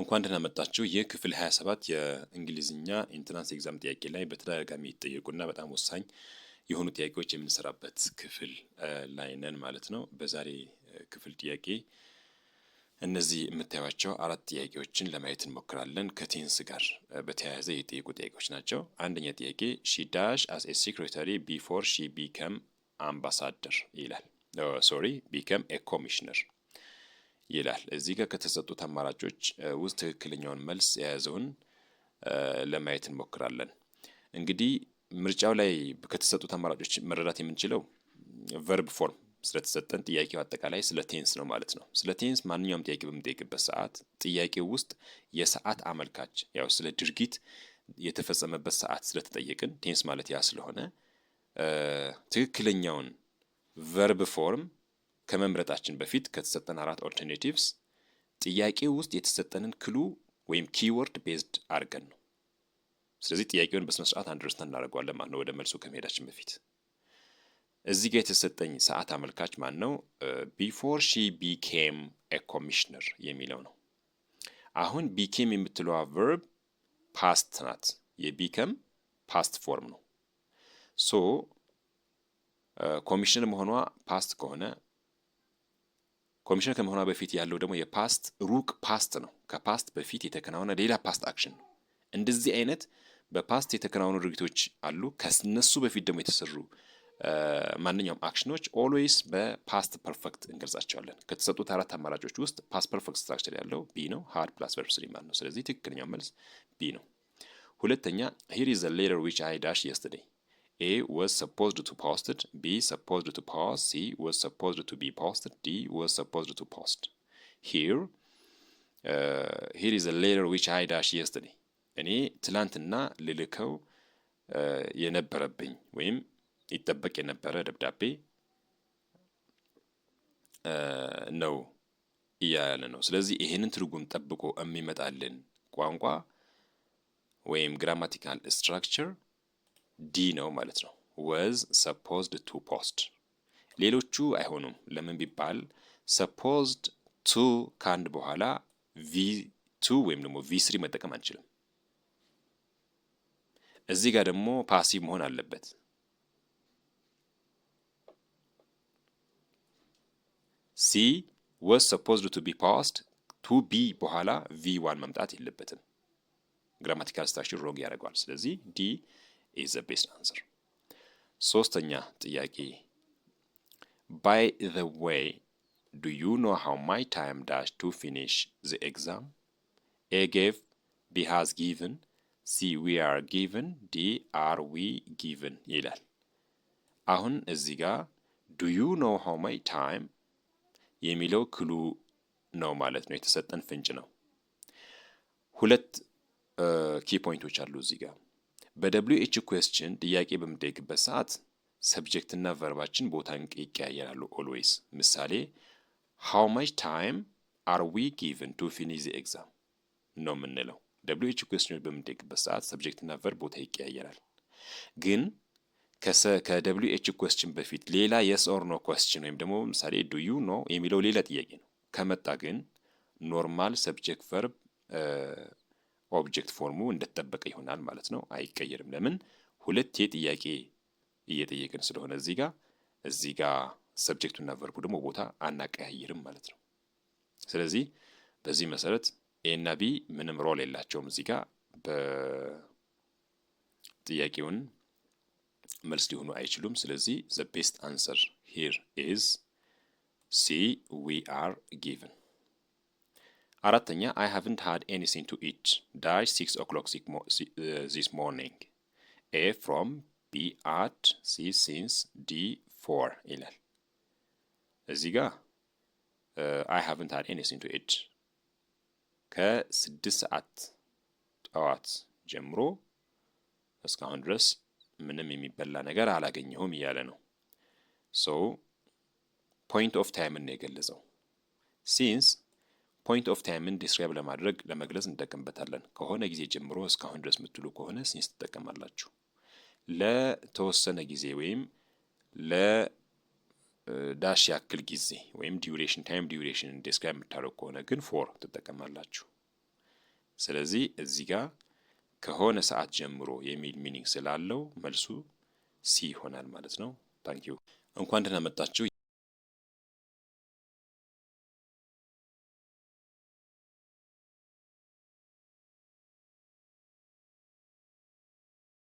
እንኳን ደህና መጣችሁ። ይህ ክፍል 27 የእንግሊዝኛ ኢንትራንስ ኤግዛም ጥያቄ ላይ በተደጋጋሚ ይጠየቁና በጣም ወሳኝ የሆኑ ጥያቄዎች የምንሰራበት ክፍል ላይ ነን ማለት ነው። በዛሬ ክፍል ጥያቄ እነዚህ የምታዩቸው አራት ጥያቄዎችን ለማየት እንሞክራለን። ከቴንስ ጋር በተያያዘ የጠየቁ ጥያቄዎች ናቸው። አንደኛ ጥያቄ ሺ ዳሽ አስ ኤ ሴክሬታሪ ቢፎር ሺ ቢከም አምባሳደር ይላል። ሶሪ ቢከም ኤ ኮሚሽነር ይላል። እዚህ ጋር ከተሰጡት አማራጮች ውስጥ ትክክለኛውን መልስ የያዘውን ለማየት እንሞክራለን። እንግዲህ ምርጫው ላይ ከተሰጡት አማራጮች መረዳት የምንችለው ቨርብ ፎርም ስለተሰጠን ጥያቄው አጠቃላይ ስለ ቴንስ ነው ማለት ነው። ስለ ቴንስ ማንኛውም ጥያቄ በምንጠይቅበት ሰዓት ጥያቄው ውስጥ የሰዓት አመልካች ያው ስለ ድርጊት የተፈጸመበት ሰዓት ስለተጠየቅን ቴንስ ማለት ያ ስለሆነ ትክክለኛውን ቨርብ ፎርም ከመምረጣችን በፊት ከተሰጠን አራት ኦልተርኔቲቭስ ጥያቄ ውስጥ የተሰጠንን ክሉ ወይም ኪወርድ ቤዝድ አድርገን ነው። ስለዚህ ጥያቄውን በስነ ስርዓት አንደርስታንድ እናደርገዋለን ማለት ነው። ወደ መልሱ ከመሄዳችን በፊት እዚህ ጋር የተሰጠኝ ሰዓት አመልካች ማን ነው? ቢፎር ሺ ቢኬም ኤ ኮሚሽነር የሚለው ነው። አሁን ቢኬም የምትለዋ ቨርብ ፓስት ናት። የቢከም ፓስት ፎርም ነው። ሶ ኮሚሽነር መሆኗ ፓስት ከሆነ ኮሚሽን ከመሆኗ በፊት ያለው ደግሞ የፓስት ሩቅ ፓስት ነው። ከፓስት በፊት የተከናወነ ሌላ ፓስት አክሽን ነው። እንደዚህ አይነት በፓስት የተከናወኑ ድርጊቶች አሉ። ከነሱ በፊት ደግሞ የተሰሩ ማንኛውም አክሽኖች ኦልዌይስ በፓስት ፐርፌክት እንገልጻቸዋለን። ከተሰጡት አራት አማራጮች ውስጥ ፓስት ፐርፌክት ስትራክቸር ያለው ቢ ነው። ሀድ ፕላስ ቨርብ ስሪ ማለት ነው። ስለዚህ ትክክለኛው መልስ ቢ ነው። ሁለተኛ ሂር ኢዝ ዘ ሌተር ዊች አይ ዳሽ A was supposed to post it, B supposed to post, C was supposed to be posted, D was supposed to post. Here, uh, here is a letter which I dashed yesterday. እኔ ትላንትና ልልከው የነበረብኝ ወይም ይጠበቅ የነበረ ደብዳቤ ነው እያለ ነው። ስለዚህ ይህንን ትርጉም ጠብቆ የሚመጣልን ቋንቋ ወይም ግራማቲካል ስትራክቸር ዲ ነው ማለት ነው። ወዝ ሰፖዝድ ቱ ፖስት። ሌሎቹ አይሆኑም። ለምን ቢባል ሰፖዝድ ቱ ከአንድ በኋላ ቪ ቱ ወይም ደግሞ ቪ ስሪ መጠቀም አንችልም። እዚህ ጋር ደግሞ ፓሲቭ መሆን አለበት። ሲ ወዝ ሰፖዝድ ቱ ቢ ፓስት ቱ ቢ በኋላ ቪ ዋን መምጣት የለበትም። ግራማቲካል ስትራክቸር ሮግ ያደርገዋል። ስለዚህ ዲ ኢዝ ዘ ቤስት አንሰር። ሶስተኛ ጥያቄ ባይ ዘ ዌይ ዱ ዩ ኖ ሃው ማይ ታይም ዳሽ ቱ ፊኒሽ ዘ ኤግዛም ኤ ጌቭ ቢ ሃዝ ጊቭን ሲ ዊ አር ጊቭን ዲ አር ዊ ጊቭን ይላል። አሁን እዚህ ጋር ዱ ዩ ኖ ሃው ማይ ታይም የሚለው ክሉ ነው ማለት ነው። የተሰጠን ፍንጭ ነው። ሁለት ኪ ፖይንቶች አሉ እዚህ ጋር በደብሊው ኤች ኩዌስችን ጥያቄ በምንጠይቅበት ሰዓት ሰብጀክትና ቨርባችን ቦታ ይቀያየራሉ ኦልዌይስ። ምሳሌ ሃው ማች ታይም አር ዊ ጊቨን ቱ ፊኒሽ ኤግዛም ነው የምንለው። ደብሊው ኤች ኩዌስችን በምንጠይቅበት ሰዓት ሰብጀክትና ቨርብ ቦታ ይቀያየራል። ግን ከደብሊው ኤች ኩዌስችን በፊት ሌላ የስ ኦር ኖ ኩዌስችን ወይም ደግሞ ምሳሌ ዱ ዩ ኖ የሚለው ሌላ ጥያቄ ነው ከመጣ ግን ኖርማል ሰብጀክት ቨርብ ኦብጀክት ፎርሙ እንደተጠበቀ ይሆናል ማለት ነው፣ አይቀየርም። ለምን ሁለት ጥያቄ እየጠየቅን ስለሆነ እዚህ ጋር እዚህ ጋር ሰብጀክቱና ቨርቡ ደግሞ ቦታ አናቀያይርም ማለት ነው። ስለዚህ በዚህ መሰረት ኤ እና ቢ ምንም ሮል የላቸውም እዚህ ጋር በጥያቄውን መልስ ሊሆኑ አይችሉም። ስለዚህ ዘ ቤስት አንሰር ሂር ኢዝ ሲ ዊ አር ጊቨን አራተኛ አይ ሃቭንት ሃድ ኤኒሲንግ ቱ ኢት ዳሽ ሲክስ ኦክሎክ ዚስ ሞርኒንግ ኤ ፍሮም ቢ አት ሲ ሲንስ ዲ ፎር ይላል። እዚህ ጋ አይ ሃቭንት ሃድ ኤኒሲንግ ቱ ኢት ከስድስት ሰዓት ጠዋት ጀምሮ እስካሁን ድረስ ምንም የሚበላ ነገር አላገኘሁም እያለ ነው። ሶ ፖይንት ኦፍ ታይምን ነው የገለጸው ሲንስ ፖይንት ኦፍ ታይምን ዲስክራይብ ለማድረግ ለመግለጽ እንጠቀምበታለን። ከሆነ ጊዜ ጀምሮ እስካሁን ድረስ የምትሉ ከሆነ ሲንስ ትጠቀማላችሁ። ለተወሰነ ጊዜ ወይም ለዳሽ ያክል ጊዜ ወይም ዲዩሬሽን ታይም ዲዩሬሽን ዲስክራይብ የምታደርጉ ከሆነ ግን ፎር ትጠቀማላችሁ። ስለዚህ እዚህ ጋር ከሆነ ሰዓት ጀምሮ የሚል ሚኒንግ ስላለው መልሱ ሲ ይሆናል ማለት ነው። ታንኪዩ እንኳን ደህና መጣችሁ።